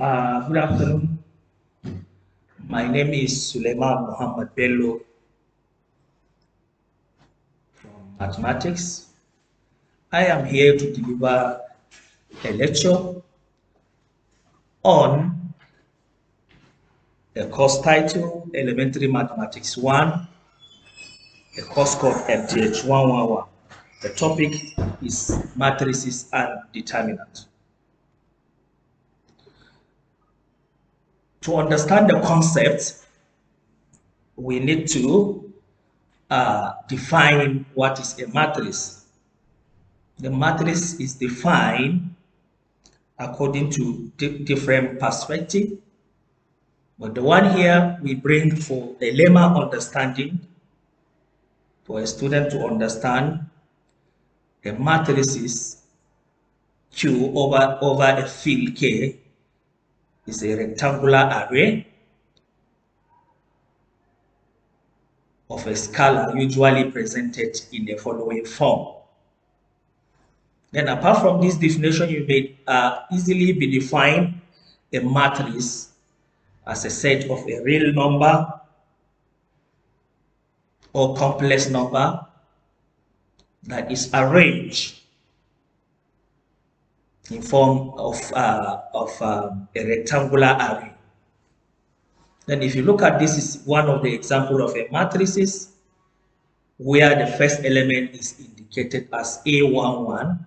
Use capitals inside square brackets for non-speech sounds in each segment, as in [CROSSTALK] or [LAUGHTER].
Uh, good afternoon. My name is Suleiman Muhammad Bello from Mathematics. I am here to deliver a lecture on a course title Elementary Mathematics 1, a course called MTH 111. The topic is matrices and determinants. to understand the concepts, we need to uh, define what is a matrix. The matrix is defined according to di different perspective. But the one here we bring for a lemma understanding, for a student to understand a matrix is Q over, over a field K is a rectangular array of a scalar usually presented in the following form. Then apart from this definition, you may uh, easily be defined a matrix as a set of a real number or complex number that is arranged in form of, uh, of uh, a rectangular array. Then if you look at this is one of the example of a matrices where the first element is indicated as A11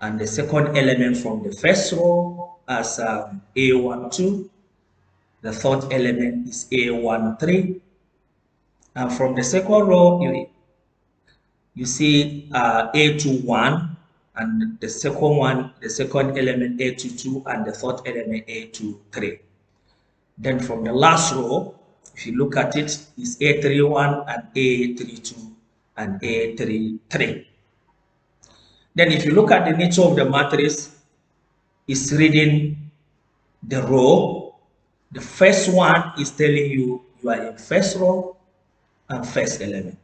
and the second element from the first row as um, A12. The third element is A13. And from the second row, you, you see uh, A21 and the second one, the second element a two, and the third element a three. Then from the last row, if you look at it's A31 and A32 and A33. Then if you look at the nature of the matrix, it's reading the row. The first one is telling you you are in first row and first element.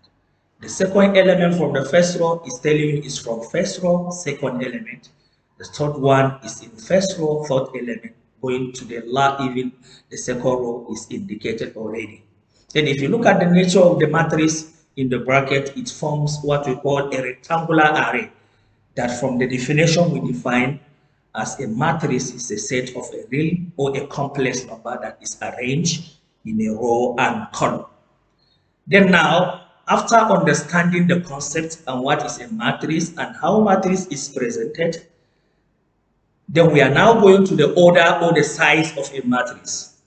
The second element from the first row is telling you is from first row, second element. The third one is in first row, third element, going to the last even the second row is indicated already. Then if you look at the nature of the matrix in the bracket, it forms what we call a rectangular array that from the definition we define as a matrix is a set of a real or a complex number that is arranged in a row and column. Then now after understanding the concept and what is a matrix and how matrix is presented, then we are now going to the order or the size of a matrix.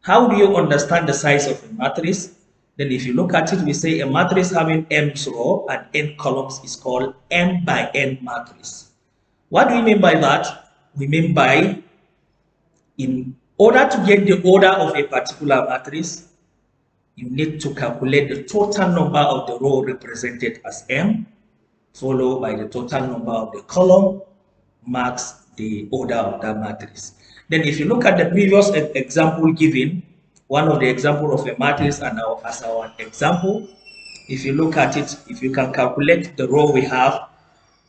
How do you understand the size of a matrix? Then if you look at it, we say a matrix having m row and n columns is called m by n matrix. What do we mean by that? We mean by in order to get the order of a particular matrix, you need to calculate the total number of the row represented as M, followed by the total number of the column, marks the order of that matrix. Then if you look at the previous example given, one of the example of a matrix and our, as our example, if you look at it, if you can calculate the row we have,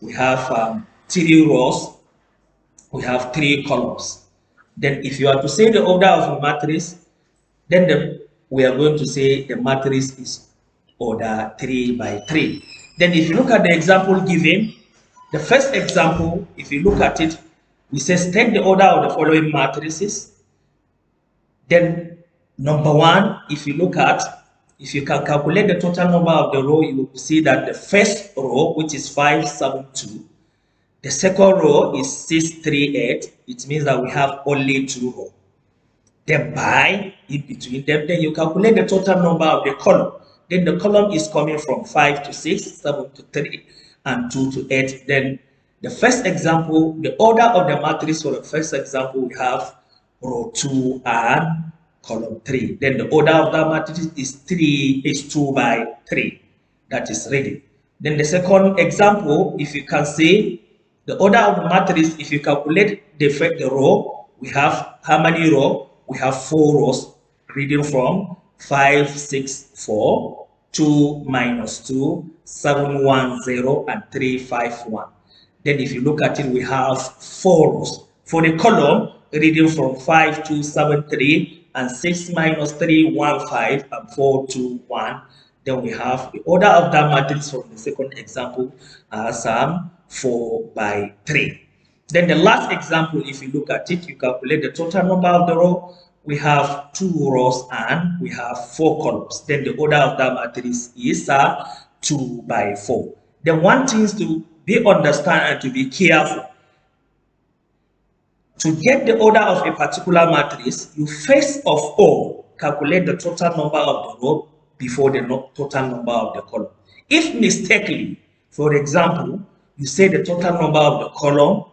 we have um, three rows, we have three columns. Then if you are to say the order of a matrix, then the we are going to say the matrix is order 3 by 3. Then if you look at the example given, the first example, if you look at it, we says take the order of the following matrices. Then number one, if you look at, if you can calculate the total number of the row, you will see that the first row, which is 572, the second row is 638. It means that we have only two rows then by in between them then you calculate the total number of the column then the column is coming from 5 to 6 7 to 3 and 2 to 8 then the first example the order of the matrix for the first example we have row 2 and column 3 then the order of that matrix is 3 is 2 by 3 that is ready then the second example if you can see the order of the matrix if you calculate the, the row we have how many row we have four rows reading from 5, 6, 4, 2, minus 2, 7, 1, 0, and 3, 5, 1. Then if you look at it, we have four rows. For the column, reading from 5, 2, 7, 3, and 6, minus 3, 1, 5, and 4, 2, 1. Then we have the order of that matrix from the second example as uh, um, 4 by 3. Then the last example, if you look at it, you calculate the total number of the row. We have two rows and we have four columns. Then the order of the matrix is uh, 2 by 4. The one thing to be understand and to be careful. To get the order of a particular matrix, you first of all calculate the total number of the row before the no total number of the column. If mistakenly, for example, you say the total number of the column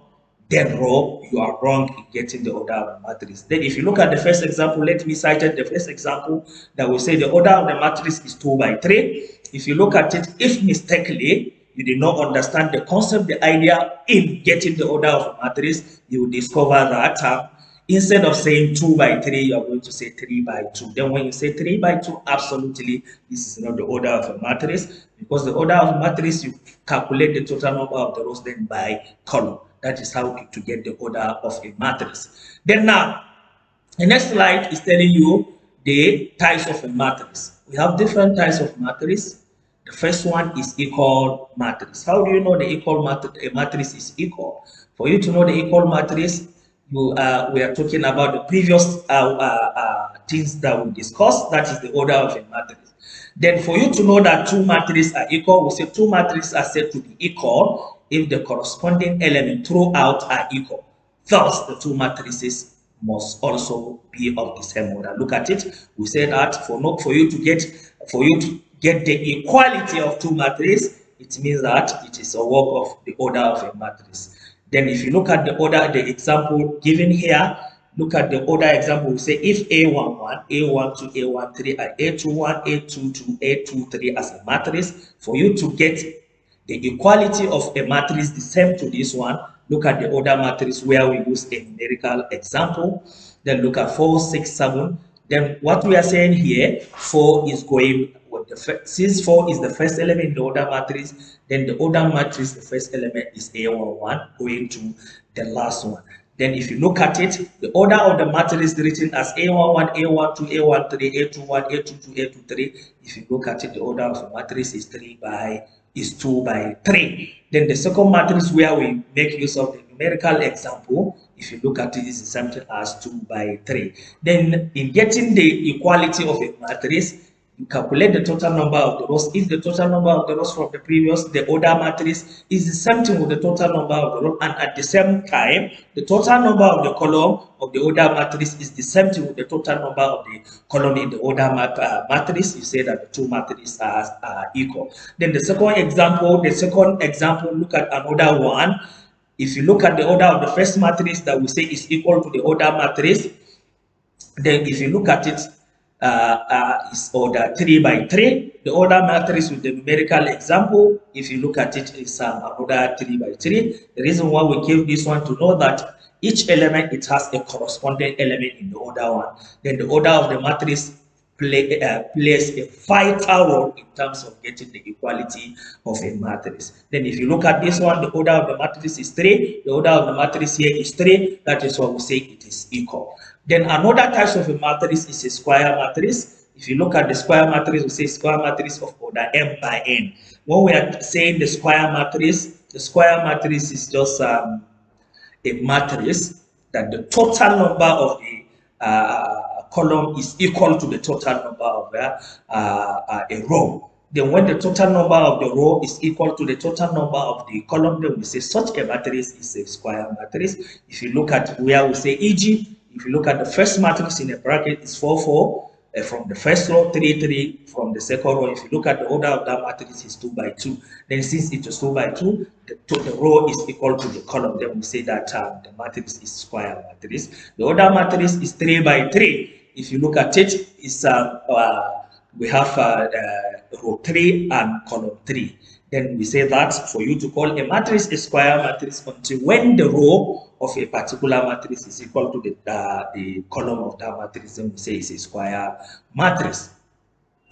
then row, you are wrong in getting the order of the matrix. Then if you look at the first example, let me cite it, the first example that we say the order of the matrix is 2 by 3. If you look at it, if mistakenly, you did not understand the concept, the idea in getting the order of a matrix, you will discover that uh, instead of saying 2 by 3, you are going to say 3 by 2. Then when you say 3 by 2, absolutely, this is not the order of a matrix because the order of a matrix, you calculate the total number of the rows then by column. That is how to get the order of a matrix. Then now, the next slide is telling you the types of a matrix. We have different types of matrix. The first one is equal matrix. How do you know the equal matrix, a matrix is equal? For you to know the equal matrix, you, uh, we are talking about the previous uh, uh, uh, things that we discussed. That is the order of a matrix. Then for you to know that two matrices are equal, we say two matrices are said to be equal if the corresponding element throughout are equal. Thus, the two matrices must also be of the same order. Look at it. We say that for not for you to get for you to get the equality of two matrices, it means that it is a work of the order of a matrix. Then if you look at the order, the example given here, look at the order example, we say if A11, A12, A13, and A21, A22, A23 as a matrix, for you to get the equality of a matrix is same to this one. Look at the other matrix where we use a numerical example. Then look at four, six, seven. Then what we are saying here, 4 is going with the since 4 is the first element in the order matrix, then the order matrix, the first element is A11 going to the last one. Then if you look at it, the order of the matrix written as A11, A12, A13, A21, A22, A23. If you look at it, the order of the matrix is 3 by is 2 by 3. Then the second matrix where we make use of the numerical example, if you look at it, is something as 2 by 3. Then in getting the equality of a matrix, you calculate the total number of the rows. If the total number of the rows from the previous, the order matrix is the same thing with the total number of the rows. and at the same time, the total number of the column of the order matrix is the same thing with the total number of the column in the order mat uh, matrix. You say that the two matrices are, are equal. Then the second example, the second example, look at another one. If you look at the order of the first matrix that we say is equal to the order matrix, then if you look at it, uh, uh, is order 3 by 3. The order matrix with the numerical example, if you look at it, is um, order 3 by 3. The reason why we give this one to know that each element, it has a corresponding element in the order one. Then the order of the matrix play, uh, plays a vital role in terms of getting the equality of a matrix. Then if you look at this one, the order of the matrix is 3. The order of the matrix here is 3. That is why we say it is equal. Then another type of a matrix is a square matrix. If you look at the square matrix, we say square matrix of order m by n. When we are saying the square matrix, the square matrix is just um, a matrix that the total number of the uh, column is equal to the total number of uh, uh, uh, a row then when the total number of the row is equal to the total number of the column, then we say such a matrix is a square matrix. If you look at where we say e.g., if you look at the first matrix in a bracket is 4, 4, uh, from the first row, 3, 3, from the second row. If you look at the order of that matrix is 2 by 2. Then since it is 2 by 2, the, the row is equal to the column. Then we say that uh, the matrix is square matrix. The order matrix is 3 by 3 if you look at it, it's, uh, uh, we have uh, row 3 and column 3. Then we say that for you to call a matrix a square matrix until when the row of a particular matrix is equal to the, the column of that matrix, then we say it's a square matrix.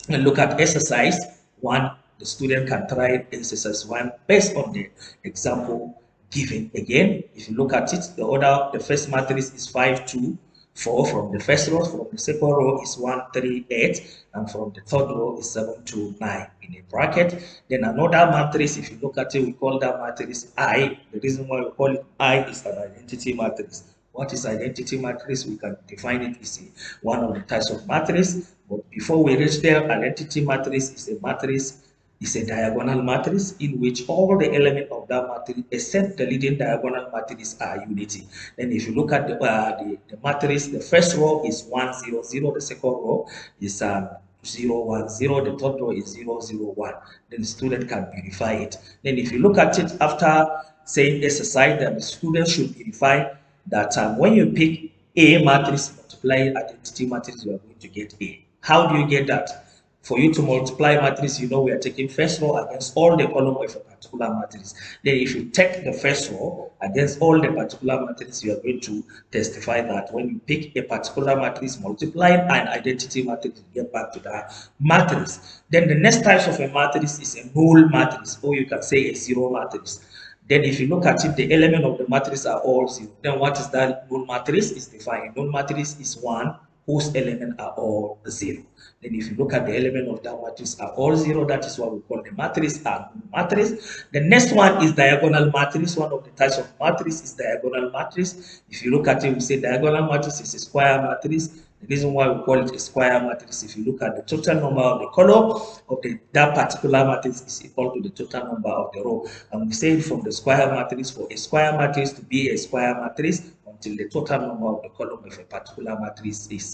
And look at exercise 1. The student can try exercise 1 based on the example given. Again, if you look at it, the order, the first matrix is 5, 2, 4 from the first row, from the second row is 138, and from the third row is 729 in a bracket. Then another matrix, if you look at it, we call that matrix I. The reason why we call it I is an identity matrix. What is identity matrix? We can define it as one of the types of matrix. But before we reach there, identity matrix is a matrix is a diagonal matrix in which all the elements of that matrix except the leading diagonal matrix are unity. Then if you look at the, uh, the, the, matrix, the first row is 1, 0, 0. The second row is um, 0, 1, 0. The third row is 0, 0, 1. Then the student can verify it. Then if you look at it after saying exercise, then the student should verify that um, when you pick A matrix, multiply identity matrix, you are going to get A. How do you get that? for you to multiply matrix, you know we are taking first row against all the column of a particular matrix. Then if you take the first row against all the particular matrix, you are going to testify that when you pick a particular matrix, multiply an identity matrix, you get back to that matrix. Then the next types of a matrix is a null matrix, or you can say a zero matrix. Then if you look at it, the element of the matrix are all zero. Then what is that null matrix? Is defined. Null matrix is one whose elements are all zero. Then if you look at the element of that matrix are all zero, that is what we call the matrix A matrix. The next one is diagonal matrix. One of the types of matrix is diagonal matrix. If you look at it, we say diagonal matrix is a square matrix. The reason why we call it a square matrix, if you look at the total number of the column of the, that particular matrix is equal to the total number of the row. And we say from the square matrix, for a square matrix to be a square matrix, until the total number of the column of a particular matrix is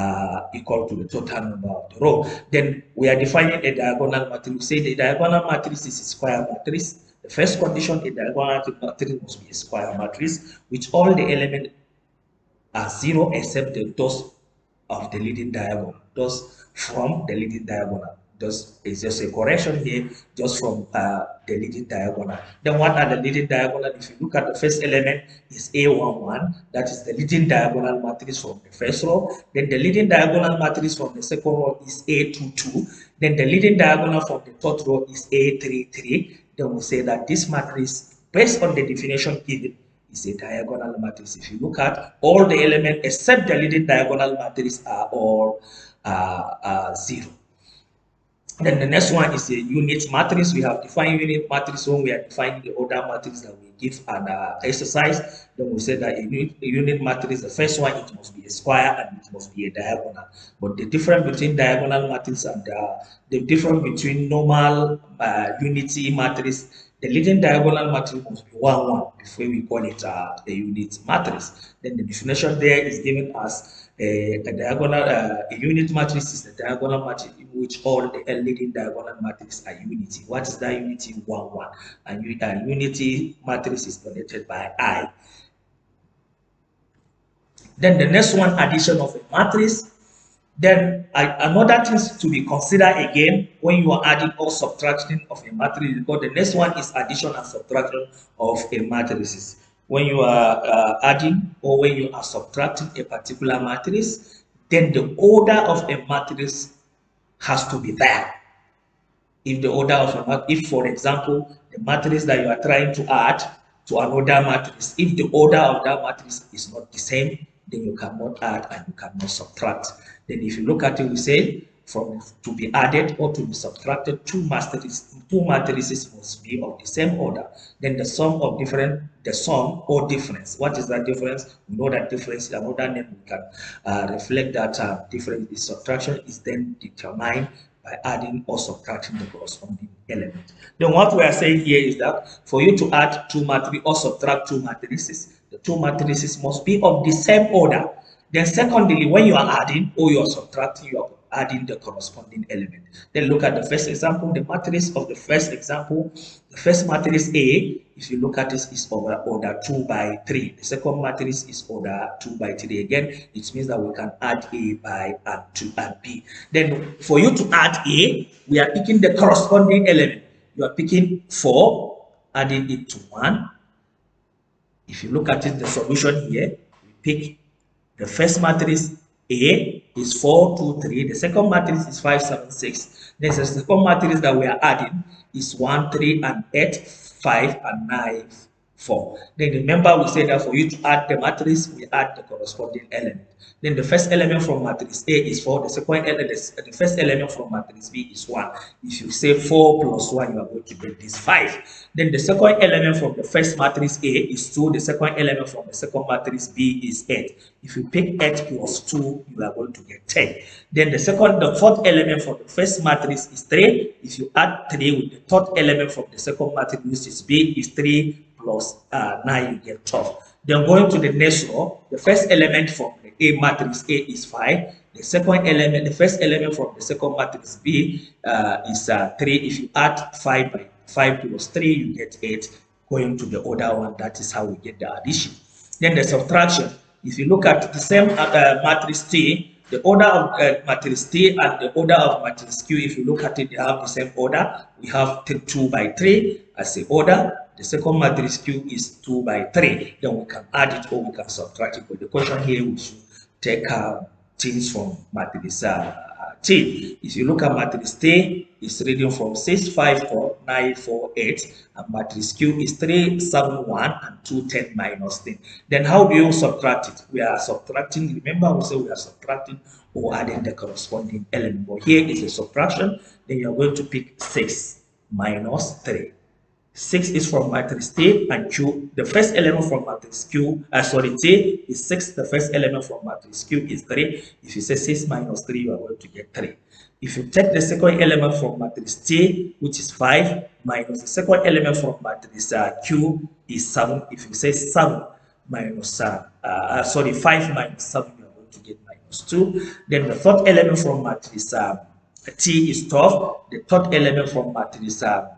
uh, equal to the total number of the row. Then we are defining a diagonal matrix. Say the diagonal matrix is a square matrix. The first condition, a diagonal matrix must be a square matrix, which all the elements are zero except the those of the leading diagonal, those from the leading diagonal just it's just a correction here just from uh, the leading diagonal then what are the leading diagonal if you look at the first element is a11 that is the leading diagonal matrix from the first row then the leading diagonal matrix from the second row is a22 then the leading diagonal from the third row is a33 then we say that this matrix based on the definition given is a diagonal matrix if you look at all the elements except the leading diagonal matrix are all uh, uh, zero then the next one is a unit matrix. We have defined unit matrix when we are defining the order matrix that we give an uh, exercise. Then we say that a unit, a unit matrix, the first one, it must be a square and it must be a diagonal. But the difference between diagonal matrix and uh, the difference between normal uh, unity matrix the leading diagonal matrix must be 1, 1 before we call it uh, a unit matrix. Then the definition there is given as Eh, a, diagonal uh, a unit matrix is a diagonal matrix in which all the leading diagonal matrices are unity. What is that unity? One one. And you, uh, unity matrix is denoted by I. Then the next one, addition of a matrix. Then I, another thing to be considered again when you are adding or subtracting of a matrix because the next one is addition and subtraction of a matrices when you are uh, adding or when you are subtracting a particular matrix, then the order of a matrix has to be there. If the order of a if for example, the matrix that you are trying to add to another matrix, if the order of that matrix is not the same, then you cannot add and you cannot subtract. Then if you look at it, we say from to be added or to be subtracted, two matrices, two matrices must be of the same order. Then the sum of different, the sum or difference. What is that difference? We know that difference. Another name we can uh, reflect that uh, difference. The subtraction is then determined by adding or subtracting the corresponding element. Then what we are saying here is that for you to add two matrices or subtract two matrices, the two matrices must be of the same order. Then secondly, when you are adding or you are subtracting, you are add in the corresponding element. Then look at the first example, the matrix of the first example. The first matrix A, if you look at this, is order, order 2 by 3. The second matrix is order 2 by 3 again. It means that we can add A by and 2 and B. Then for you to add A, we are picking the corresponding element. You are picking 4, adding it to 1. If you look at it, the solution here, we pick the first matrix A is 423. The second matrix is 576. There's The second matrix that we are adding is 1, 3, and 8, 5, and 9. 4. Then remember we said that for you to add the matrix, we add the corresponding element. Then the first element from matrix A is 4, the second element, the first element from matrix B is 1. If you say 4 plus 1, you are going to get this 5. Then the second element from the first matrix A is 2, the second element from the second matrix B is 8. If you pick 8 plus 2, you are going to get 10. Then the second, the fourth element from the first matrix is 3. If you add 3 with the third element from the second matrix, which is B, is 3 plus uh, 9, you get 12. Then going to the next row, the first element from the A matrix A is 5. The second element, the first element from the second matrix B uh, is uh, 3. If you add 5 by 5 plus 3, you get 8. Going to the other one, that is how we get the addition. Then the subtraction. If you look at the same uh, uh, matrix T, the order of uh, matrix T and the order of matrix Q, if you look at it, they have the same order. We have 2 by 3 as the order. The second matrix Q is 2 by 3. Then we can add it or we can subtract it. But the question here is to take out things from matrix uh, T. If you look at matrix T, it's reading from 654948 and matrix Q is 371 and 210 minus 10. Then how do you subtract it? We are subtracting, remember we say we are subtracting or adding the corresponding element. But here is a subtraction, then you're going to pick 6 minus 3 6 is from matrix T and Q. The first element from matrix Q, uh, sorry, T is 6. The first element from matrix Q is 3. If you say 6 minus 3, you are going to get 3. If you take the second element from matrix T, which is 5, minus the second element from matrix uh, Q is 7. If you say 7 minus, uh, uh, sorry, 5 minus 7, you are going to get minus 2. Then the third element from matrix uh, T is 12. The third element from matrix uh,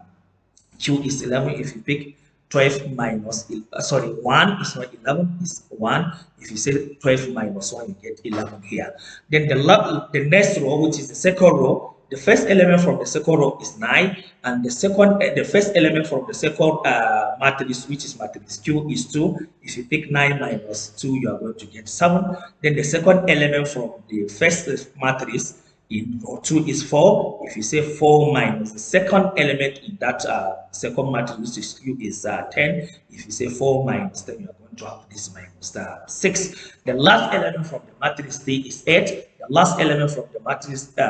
Q is 11 if you pick 12 minus, uh, sorry, 1 is not 11, is 1. If you say 12 minus 1, you get 11 here. Then the, the next row, which is the second row, the first element from the second row is 9, and the second, eh, the first element from the second uh, matrix, which is matrix Q, is 2. If you pick 9 minus 2, you are going to get 7. Then the second element from the first eh, matrix in or 2 is 4 if you say 4 minus the second element in that uh, second matrix which is is uh, 10 if you say 4 minus 10 you are going to have this minus uh, 6 the last element from the matrix d is 8 the last element from the matrix uh,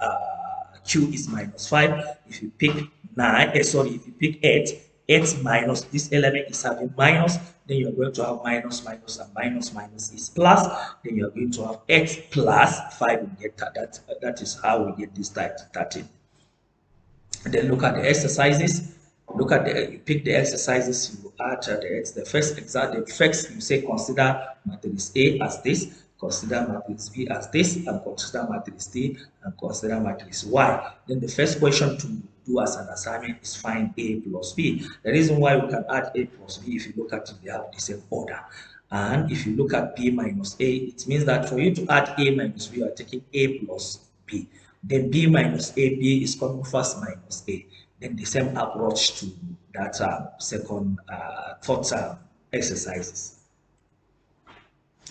uh, q is minus 5 if you pick 9 eh, sorry if you pick 8 8 minus this element is having minus then you're going to have minus minus and minus minus is plus then you're going to have x plus 5 we get that that is how we get this type 13 then look at the exercises look at the you pick the exercises you add the the first exact the first you say consider matrix a as this consider matrix B as this and consider matrix D and consider matrix Y. Then the first question to do as an assignment is find A plus B. The reason why we can add A plus B, if you look at it, they have the same order. And if you look at B minus A, it means that for you to add A minus B, you are taking A plus B. Then B minus A, B is coming first minus A. Then the same approach to that uh, second uh, thought uh, exercises.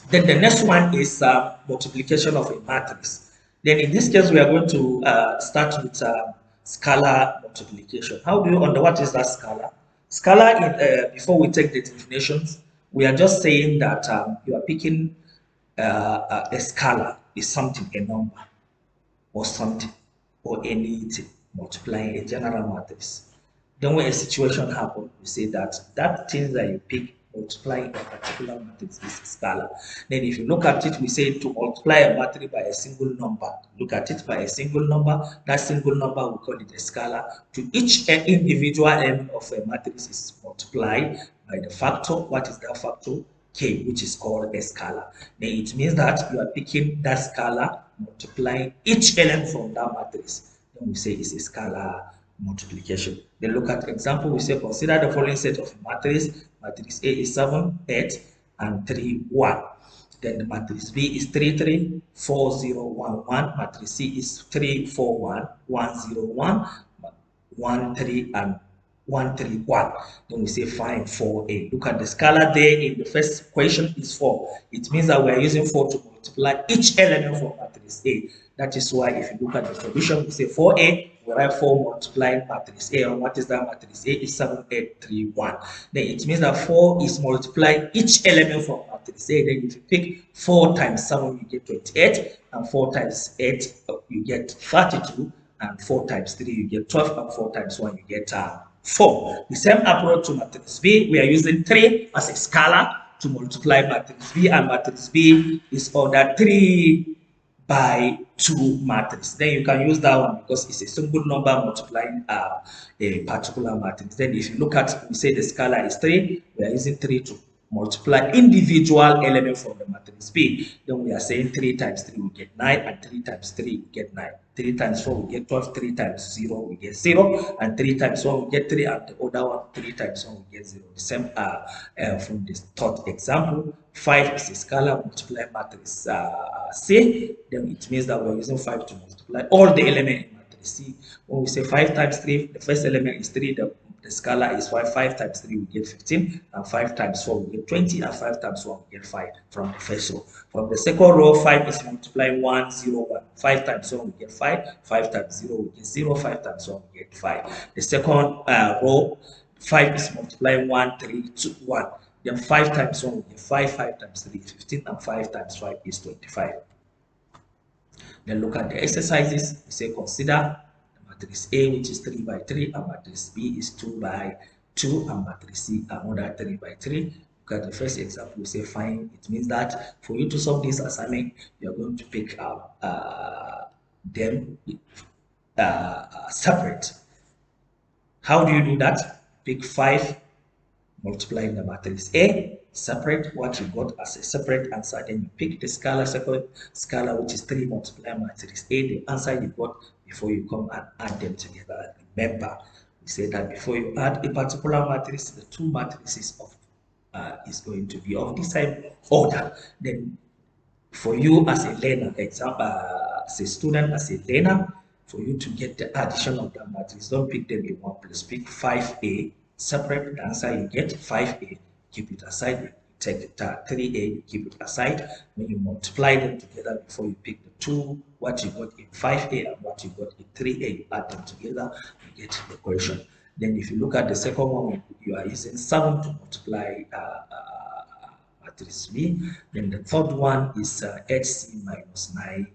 Then the next one is uh, multiplication of a matrix. Then in this case, we are going to uh, start with uh, scalar multiplication. How do you under what is that scalar? Scalar, in, uh, before we take the definitions, we are just saying that um, you are picking uh, a scalar is something, a number or something or anything, multiplying a general matrix. Then when a situation happens, we say that that thing that you pick Multiply a particular matrix is scalar. Then if you look at it, we say to multiply a matrix by a single number. Look at it by a single number. That single number, we call it a scalar. To each individual element of a matrix is multiplied by the factor. What is that factor? K, which is called a scalar. Then it means that you are picking that scalar, multiplying each element from that matrix. Then we say it's a scalar multiplication. Then look at example, we say consider the following set of matrices Matrix A is 7, 8, and 3, 1. Then the matrix B is 3, 3, 4, 0, 1, 1. Matrix C is 3, 4, 1, 1, 0, 1, 1, 3, and 1, 3, 1. Then we say find 4, 8. Look at the scalar there in the first equation is 4. It means that we are using 4 to multiply each element from matrix A. That is why if you look at the solution, we say 4, 8 where 4 multiplying matrix A. And what is that matrix? A is 7, 8, 3, 1. Then it means that 4 is multiplying each element from matrix A. Then if you pick 4 times 7, you get 28. And 4 times 8, uh, you get 32. And 4 times 3, you get 12. And 4 times 1, you get uh, 4. The same approach to matrix B. We are using 3 as a scalar to multiply matrix B. And matrix B is order 3 by 2 matrix. Then you can use that one because it's a single number multiplying uh, a particular matrix. Then if you look at, we say the scalar is 3, we are using 3 to multiply individual element from the matrix B. Then we are saying 3 times 3 we get 9 and 3 times 3 we get 9. 3 times 4 we get 12, 3 times 0 we get 0, and 3 times 1 we get 3, and the other one 3 times 1 we get 0. The same uh, uh, from the third example, 5 is a scalar multiply matrix uh, C, then it means that we're using 5 to multiply all the elements in matrix C. When we say 5 times 3, the first element is 3, the the scalar is why 5 times 3 we get 15, and 5 times 4 we get 20, and 5 times 1 we get 5 from the first row. From the second row, 5 is multiplying 1, 0, 1. 5 times 1 we get 5, 5 times 0 we get 0, 5 times 1 we get 5. The second uh, row, 5 is multiplying 1, 3, 2, 1. Then 5 times 1 we get 5, 5 times 3 is 15, and 5 times 5 is 25. Then look at the exercises. We say consider matrix A which is 3 by 3 and matrix B is 2 by 2 and matrix C another 3 by 3 at the first example you say fine it means that for you to solve this assignment you're going to pick up um, uh, them uh, separate how do you do that pick 5 multiplying the matrix A separate what you got as a separate answer. Then you pick the scalar, second scalar, which is 3 multiplied minus 3 is a the answer you got before you come and add them together. Remember, we said that before you add a particular matrix, the two matrices of uh, is going to be of the same order. Then for you as a learner, example, uh, as a student, as a learner, for you to get the addition of the matrix, don't pick them in one place. Pick 5A, separate the answer you get 5A keep it aside. You take the 3a, keep it aside. When you multiply them together before you pick the 2, what you got in 5a and what you got in 3a, you add them together, you get the equation. Then if you look at the second one, you are using 7 to multiply uh, uh, matrix B. Then the third one is uh, HC minus 9a.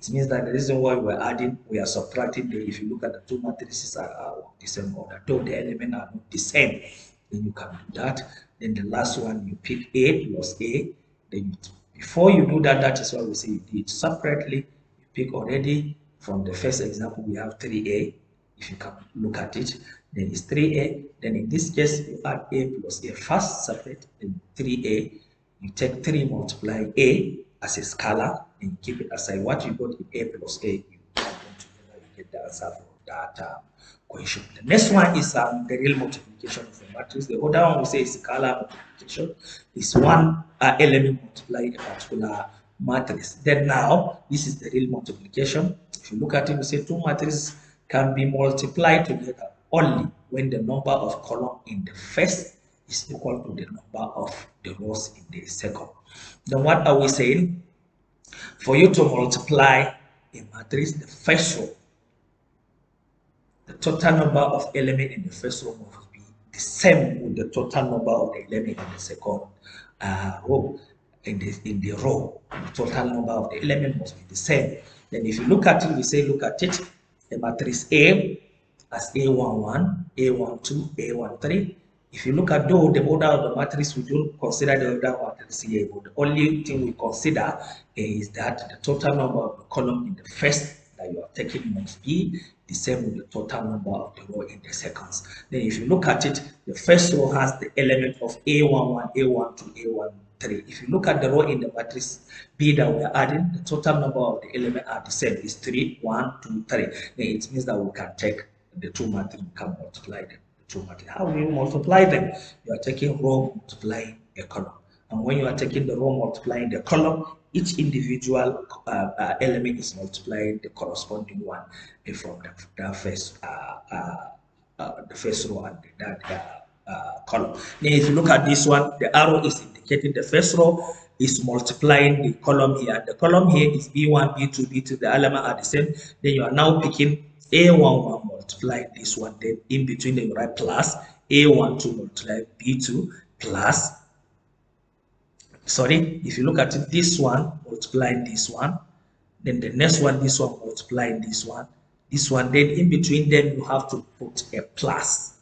It means that the reason why we're adding, we are subtracting, if you look at the two matrices are, are the same order, though the elements are not the same then you can do that then the last one you pick a plus a then you, before you do that that is why we say you did separately you pick already from the first example we have 3a if you can look at it then it's 3a then in this case you add a plus a first separate then 3a you take 3 multiply a as a scalar and keep it aside what you got in a plus a you add them together you get the answer for that the next one is um, the real multiplication of the matrix. The other one we say is scalar multiplication. Is one uh, element multiplied a particular matrix. Then now, this is the real multiplication. If you look at it, you say two matrices can be multiplied together only when the number of column in the first is equal to the number of the rows in the second. Then what are we saying? For you to multiply a matrix, the first row total number of elements in the first row must be the same with the total number of the elements in the second uh, row. In the, in the row, the total number of the elements must be the same. Then if you look at it, we say look at it, the matrix A as A11, A12, A13. If you look at though the order of the matrix, we don't consider the order of matrix A, but the only thing we consider is that the total number of the column in the first that you are taking must be the same with the total number of the row in the seconds. Then if you look at it, the first row has the element of A11, A12, A13. If you look at the row in the matrix B that we're adding, the total number of the element are the same. is 3, 1, 2, 3. Then it means that we can take the two matrix, and can multiply them. The two matrix. How do you multiply them? You are taking row multiplying a column. And when you are taking the row multiplying the column, each individual uh, uh, element is multiplying the corresponding one from the, the first uh, uh, uh, the first row and that column. Now, if you look at this one, the arrow is indicating the first row is multiplying the column here. The column here is B1, B2, B2. The element are the same. Then you are now picking A11 multiply this one. Then in between you write plus A12 multiply B2 plus sorry if you look at this one multiply this one then the next one this one multiply this one this one then in between them you have to put a plus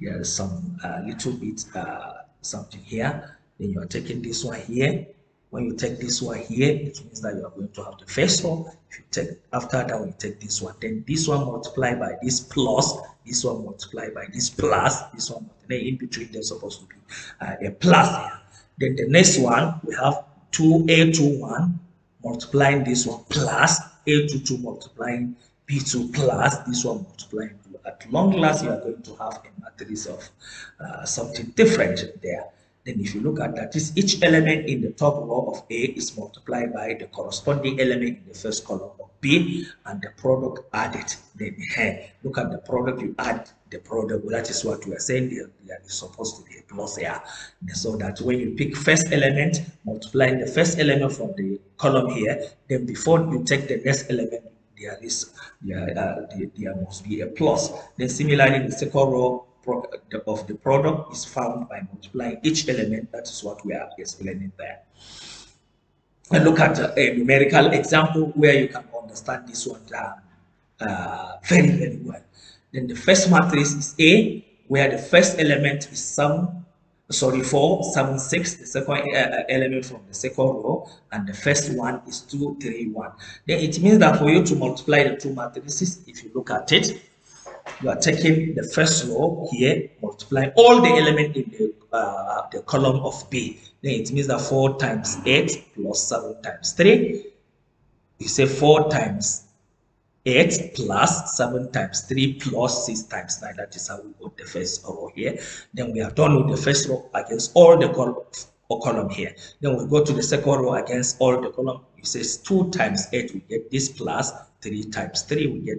there is some uh, little bit uh, something here then you are taking this one here when you take this one here it means that you are going to have the first one if you take after that you take this one then this one multiply by this plus this one multiply by this plus this one then in between there's supposed to be uh, a plus then the next one, we have 2A21 multiplying this one plus A22 multiplying b 2 plus this one multiplying At long last, you are going to have a matrix of uh, something different there then if you look at that, is each element in the top row of A is multiplied by the corresponding element in the first column of B and the product added. Then here, look at the product you add the product. Well, that is what we are saying there. There is supposed to be a plus here. So that when you pick first element, multiplying the first element from the column here, then before you take the next element, there is there, uh, there, there must be a plus. Then similarly, in the second row, of the product is found by multiplying each element. That is what we are explaining there. And look at a numerical example where you can understand this one uh, uh, very, very well. Then the first matrix is A, where the first element is sum, sorry, 4, 7, 6, the second uh, uh, element from the second row, and the first one is 2, 3, 1. Then it means that for you to multiply the two matrices, if you look at it, you are taking the first row here, multiplying all the element in the, uh, the column of B. Then it means that 4 times 8 plus 7 times 3. You say 4 times 8 plus 7 times 3 plus 6 times 9. That is how we got the first row here. Then we are done with the first row against all the col or uh, column here. Then we go to the second row against all the column. It says 2 times 8, we get this plus 3 times 3, we get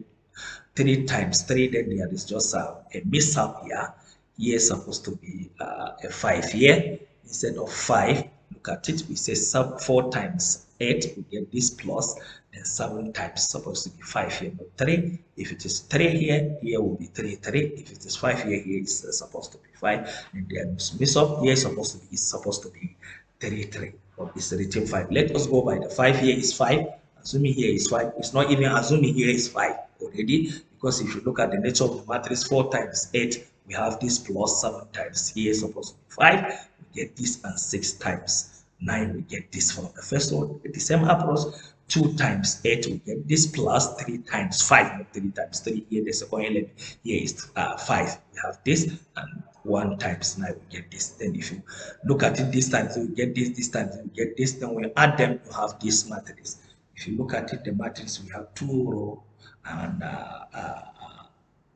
three times three, then there is just a, a mishap here. is supposed to be uh, a five here instead of five. Look at it. We say sub four times eight, we get this plus. Then seven times supposed to be five here, but three. If it is three here, here will be three, three. If it is five here, it's uh, supposed to be five. And there is Year here is supposed to be is supposed to be three, three. But it's written five. Let us go by the five here is five. Assuming here is five. It's not even assuming here is five already because if you look at the nature of the matrix, 4 times 8, we have this plus 7 times here, supposed to be 5. We get this and 6 times 9. We get this from the first one. The same approach, 2 times 8, we get this plus 3 times 5. Not 3 times 3. Here, the second element here is uh, 5. We have this and 1 times 9 we get this then if you look at it this time so you get this this time so you get this then we add them to have this matrix if you look at it the matrix we have two row and uh, uh,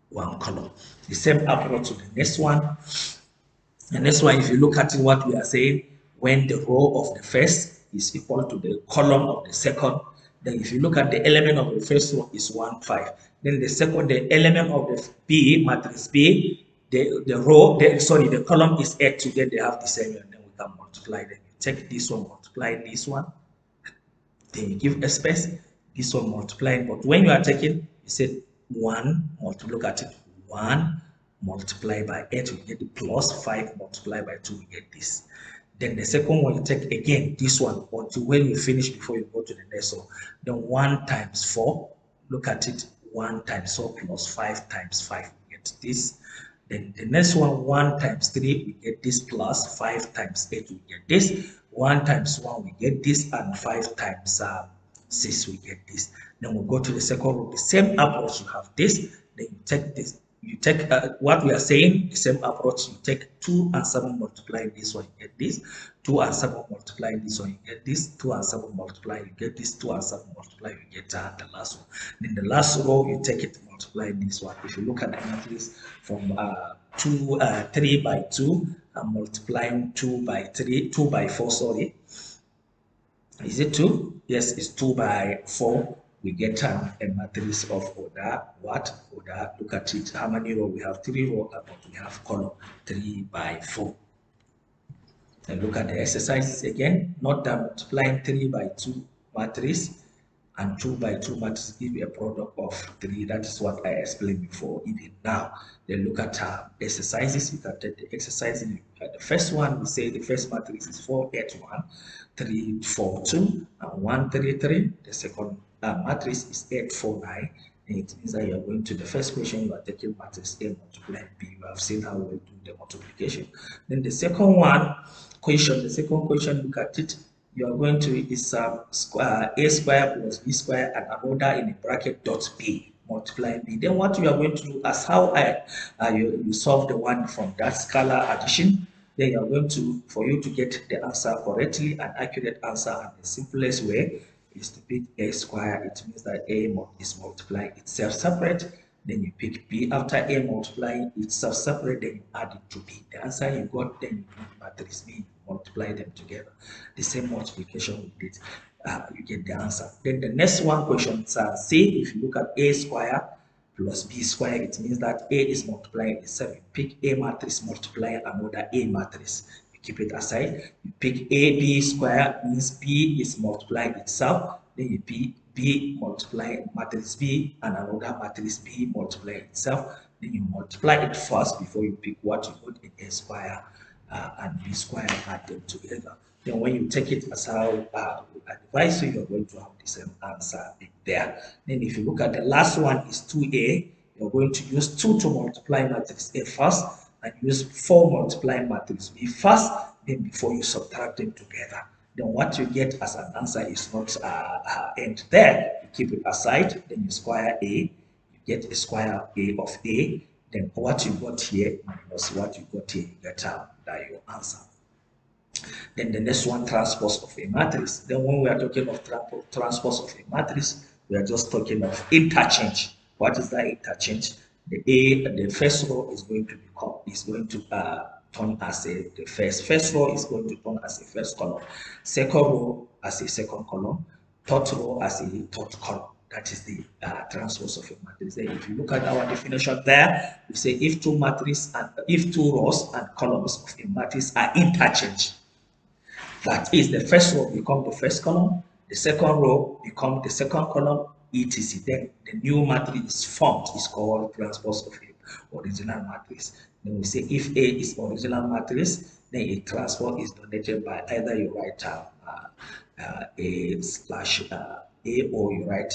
one column. The same approach to the next one. The next one, if you look at what we are saying, when the row of the first is equal to the column of the second, then if you look at the element of the first row is 1, 5. Then the second, the element of the B, matrix B, the, the row, the, sorry, the column is 8, so then they have the same, and then we can multiply them. take this one, multiply this one, then you give a space, this one multiplying. But when you are taking, you said 1, multiply, look at it, 1 multiply by 8, you get the plus 5 multiply by 2, you get this. Then the second one you take again, this one, until when you finish before you go to the next one. Then 1 times 4, look at it, 1 times so 5 times 5, you get this. Then the next one, 1 times 3, we get this plus 5 times 8, we get this. 1 times 1, we get this, and 5 times uh, this we get this. Then we go to the second row. The same approach, you have this, then you take this. You take uh, what we are saying, the same approach, you take 2 and 7 multiplying this one, you get this. 2 and 7 multiplying this one, you get this. 2 and 7 multiplying, you get this. 2 and 7 multiplying, you get uh, the last one. Then the last row, you take it, multiply this one. If you look at the matrix from uh, 2, uh, 3 by 2, and multiplying 2 by 3, 2 by 4, sorry, is it 2? Yes, it's 2 by 4. We get um, a matrix of order. What? Order. Look at it. How many row? We have 3 row, but we have column 3 by 4. And look at the exercises again. Not that multiplying 3 by 2 matrix and 2 by 2 matrix give a product of 3. That is what I explained before, even now. Then look at uh, exercises. You can take the in uh, the first one, we say the first matrix is 4, 8, 1. Three four two and uh, one three three. The second uh, matrix is eight four nine, And it means that you are going to the first question, you are taking matrix A multiplied B. You have seen how we do the multiplication. Then the second one, question, the second question, look at it. You are going to is um, uh, square, A square plus B square and order in the bracket dot B multiply b. Then what you are going to do as how I uh, you, you solve the one from that scalar addition, then you are going to, for you to get the answer correctly, an accurate answer, and the simplest way is to pick A square. It means that A is multiply itself separate. Then you pick B after A multiplying itself separate, then you add it to B. The answer you got, then you put matrix B, you multiply them together. The same multiplication with it, uh, you get the answer. Then the next one question is, See say if you look at A square, plus b square. It means that A is multiplying itself. You pick A matrix, multiply another A matrix. You keep it aside. You pick AB square means B is multiplying itself. Then you pick B multiply matrix B and another matrix B multiply itself. Then you multiply it first before you pick what you put in A square uh, and B square add them together. Then when you take it aside, uh, advise you, you're going to have the same answer in there. Then if you look at the last one is 2a, you're going to use 2 to multiply matrix A first and use 4 multiplying matrix B first, then before you subtract them together. Then what you get as an answer is not uh, uh, end there. You keep it aside, then you square A, you get a square A of A, then what you got here minus what you got here, you get uh, that your answer. Then the next one, transpose of a matrix. Then when we are talking of tra transpose of a matrix, we are just talking of interchange. What is that interchange? The A, the first row is going to become is going to uh, turn as a the first first row is going to turn as a first column, second row as a second column, third row as a third column. That is the uh, transpose of a matrix. Then if you look at our definition there, we say if two matrices and if two rows and columns of a matrix are interchanged, that is the first row become the first column, the second row become the second column, etc. Then the new matrix is formed, is called transpose of the original matrix. Then we say if A is original matrix, then a transpose is donated by either you write uh, uh, A slash uh, A or you write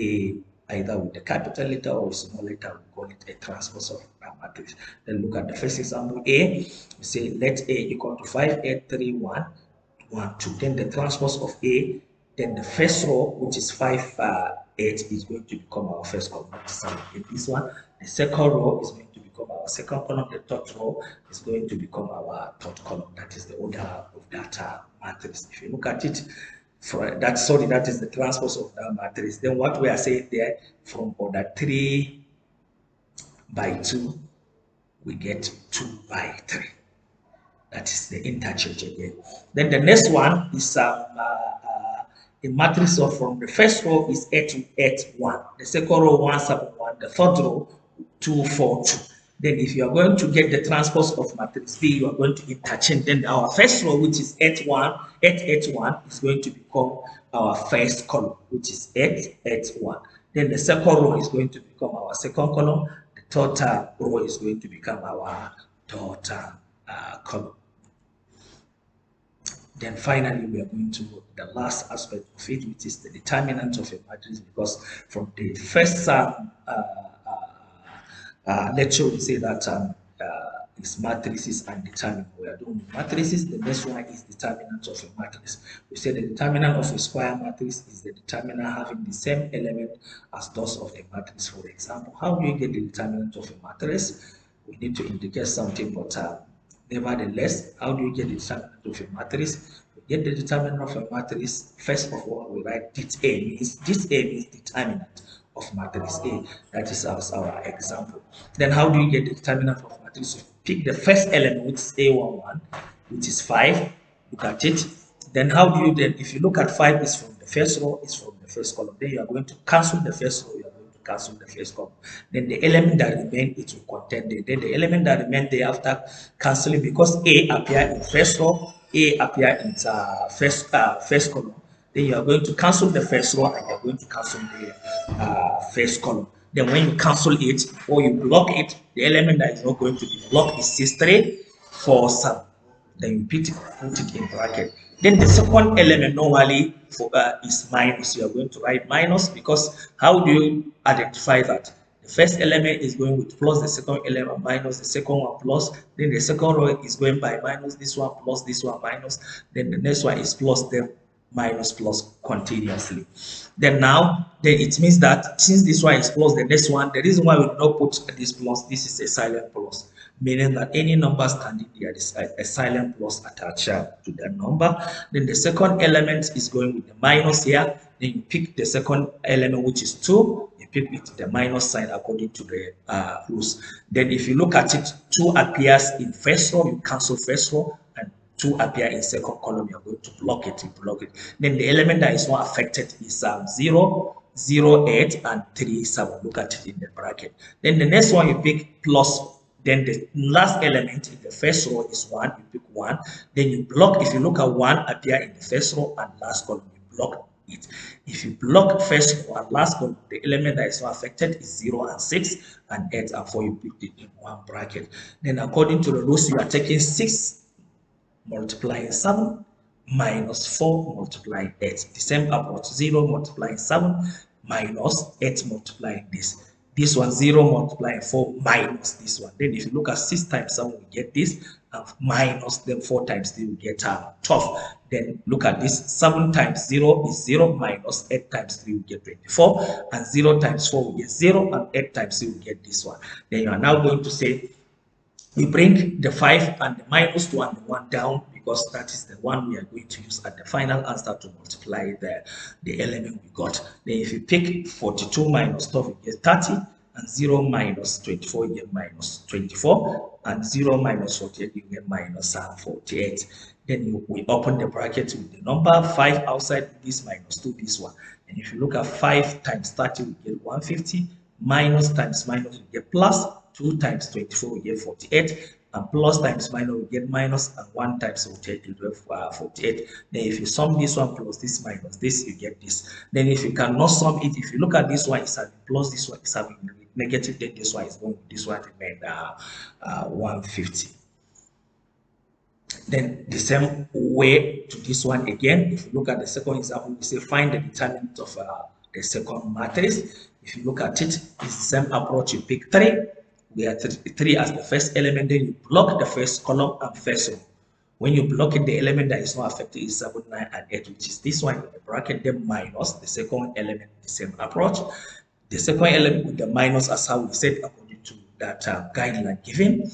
A either with the capital letter or small letter, we call it a transpose of a matrix. Then look at the first example A, we say let A equal to 5831 1, 2. Then the transpose of A, then the first row, which is 5, uh, 8, is going to become our first column, in this one. The second row is going to become our second column. The third row is going to become our third column. That is the order of that uh, matrix. If you look at it, for that sorry, that is the transpose of that matrix. Then what we are saying there, from order 3 by 2, we get 2 by 3. That is the interchange again. Then the next one is um, uh, uh, a matrix of from the first row is 8 to 8, 1. The second row 1, 7, 1. The third row 2, 4, 2. Then if you are going to get the transpose of matrix B, you are going to interchange. Then our first row, which is 8, 1, 8, 8, 1, is going to become our first column, which is 8, 8, 1. Then the second row is going to become our second column. The third row is going to become our third uh, column. Then finally, we are going to the last aspect of it, which is the determinant of a matrix, because from the first um, uh, uh, uh lecture, we say that um, uh, is matrices and determinant. We are doing matrices. The next one is determinant of a matrix. We say the determinant of a square matrix is the determinant having the same element as those of the matrix. For example, how do you get the determinant of a matrix? We need to indicate something, but uh, Nevertheless, how do you get the determinant of a matrix? To get the determinant of a matrix, first of all, we write this A means this A means determinant of matrix A. That is our example. Then how do you get the determinant of matrix? You pick the first element, which is A11, which is 5. Look at it. Then how do you then, if you look at 5 is from the first row, is from the first column. Then you are going to cancel the first row cancel the first cup. Then the element that remain it will contain Then the element that remain there after cancelling because A appear in first row, A appear in uh, first uh, first column. Then you are going to cancel the first row and you are going to cancel the uh, first column. Then when you cancel it or you block it, the element that is not going to be blocked is 3, 4, 7. Then you put it in bracket. Then the second element normally for, uh, is minus. You are going to write minus because how do you identify that? The first element is going with plus, the second element minus, the second one plus, then the second row is going by minus, this one plus, this one minus, then the next one is plus, then minus plus continuously. Then now, then it means that since this one is plus the next one, the reason why we do not put this plus, this is a silent plus, meaning that any number standing there is a, silent plus attached to that number. Then the second element is going with the minus here. Then you pick the second element, which is 2. You pick with the minus sign according to the uh, rules. Then if you look at it, 2 appears in first row, you cancel first row. To appear in second column, you're going to block it, you block it. Then the element that is not affected is um, 0, 0, 8, and 3, 7. Look at it in the bracket. Then the next one you pick plus, then the last element in the first row is 1, you pick 1. Then you block, if you look at 1 appear in the first row and last column, you block it. If you block first or last column, the element that is not affected is 0 and 6 and 8 and 4. You put it in one bracket. Then according to the rules, you are taking 6 multiply 7 minus 4 multiply 8 the same about 0 multiply 7 minus 8 multiply this this one 0 multiply 4 minus this one then if you look at 6 times 7 we get this and minus them 4 times they will get um, 12 then look at this 7 times 0 is 0 minus 8 times 3 will get 24 and 0 times 4 will get 0 and 8 times 3 will get this one then you are now going to say we bring the 5 and the minus one, the 1 down because that is the one we are going to use at the final answer to multiply the, the element we got. Then if you pick 42 minus 12, you get 30, and 0 minus 24, you get minus 24, and 0 minus 48, you get minus uh, 48. Then you, we open the bracket with the number 5 outside this minus 2, this one. And if you look at 5 times 30, we get 150, minus times minus, we get plus, 2 times 24 we get 48 and plus times minus we get minus and 1 times 48 will get uh, 48 then if you sum this one plus this minus this you get this then if you cannot sum it if you look at this one it's having plus this one is having negative then this one is going with this one and uh, uh, 150 then the same way to this one again if you look at the second example we say find the determinant of uh, the second matrix if you look at it it's the same approach you pick three we are three as the first element then you block the first column and first row when you block it the element that is not affected is 7 9 and 8 which is this one in the bracket then minus the second element the same approach the second element with the minus as how we said according to that uh, guideline given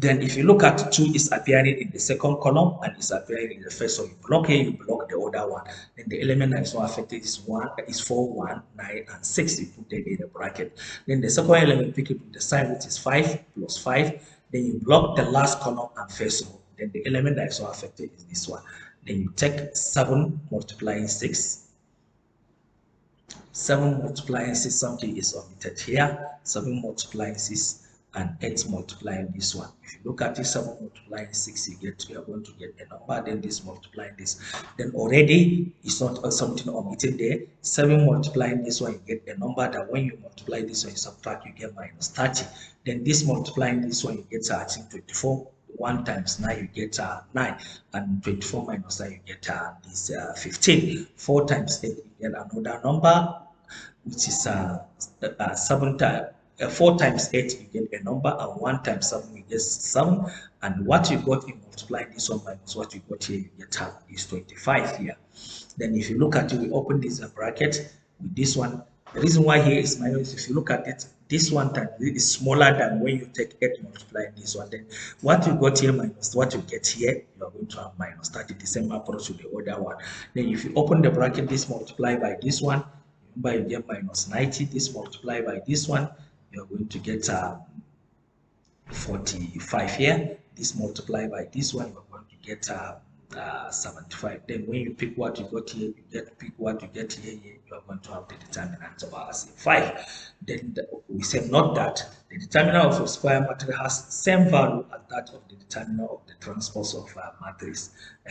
then if you look at 2 it's appearing in the second column and it's appearing in the first. So you block here, you block the other one. Then the element that is not affected is 1, is four, one, nine, and 6. You put them in the bracket. Then the second element pick up the sign which is 5 plus 5. Then you block the last column and first row. Then the element that is not affected is this one. Then you take 7 multiplying 6 7 multiplying 6 something is omitted here 7 multiplying 6 and x multiplying this one. If you look at this 7 multiplying 6, you get you are going to get a number, then this multiplying this. Then already it's not something omitted there. 7 multiplying this one, you get a number that when you multiply this one, you subtract, you get minus 30. Then this multiplying this one, you get I think 24. 1 times 9 you get uh, 9 and 24 minus 9 you get uh, this uh, 15 4 times 8 you get another number which is uh, uh 7 times uh, 4 times 8 you get a number and 1 times 7 you get sum and what you got you multiply this one minus what you got here in the term is 25 here then if you look at it we open this uh, bracket with this one the reason why here is minus if you look at it this one time is smaller than when you take 8 multiply this one then what you got here minus what you get here you are going to have minus 30 the same approach to the other one then if you open the bracket this multiply by this one by you get minus 90 this multiply by this one you're going to get um, 45 here. This multiplied by this one, you're going to get um, uh, 75. Then when you pick what you got here, you get pick what you get here, here you are going to have the determinant of our 5. Then the, we say not that the determinant of a square matrix has same value as that of the determinant of the transpose of a matrix.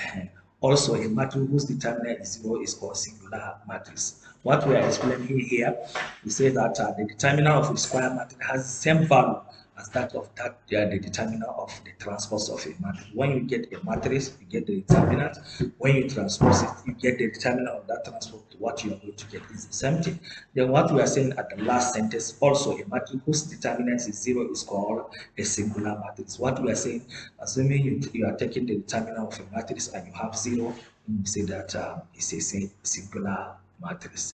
[LAUGHS] also, a matrix whose determinant is 0 is called singular matrix. What we are explaining here, we say that uh, the determiner of a square matrix has the same value as that of that uh, the determiner of the transpose of a matrix. When you get a matrix, you get the determinant. When you transpose it, you get the determinant of that transpose what you are going to get is the same thing. Then what we are saying at the last sentence, also a matrix whose determinant is zero is called a singular matrix. What we are saying, assuming you, you are taking the determinant of a matrix and you have zero, we say that uh, it's a singular matrix.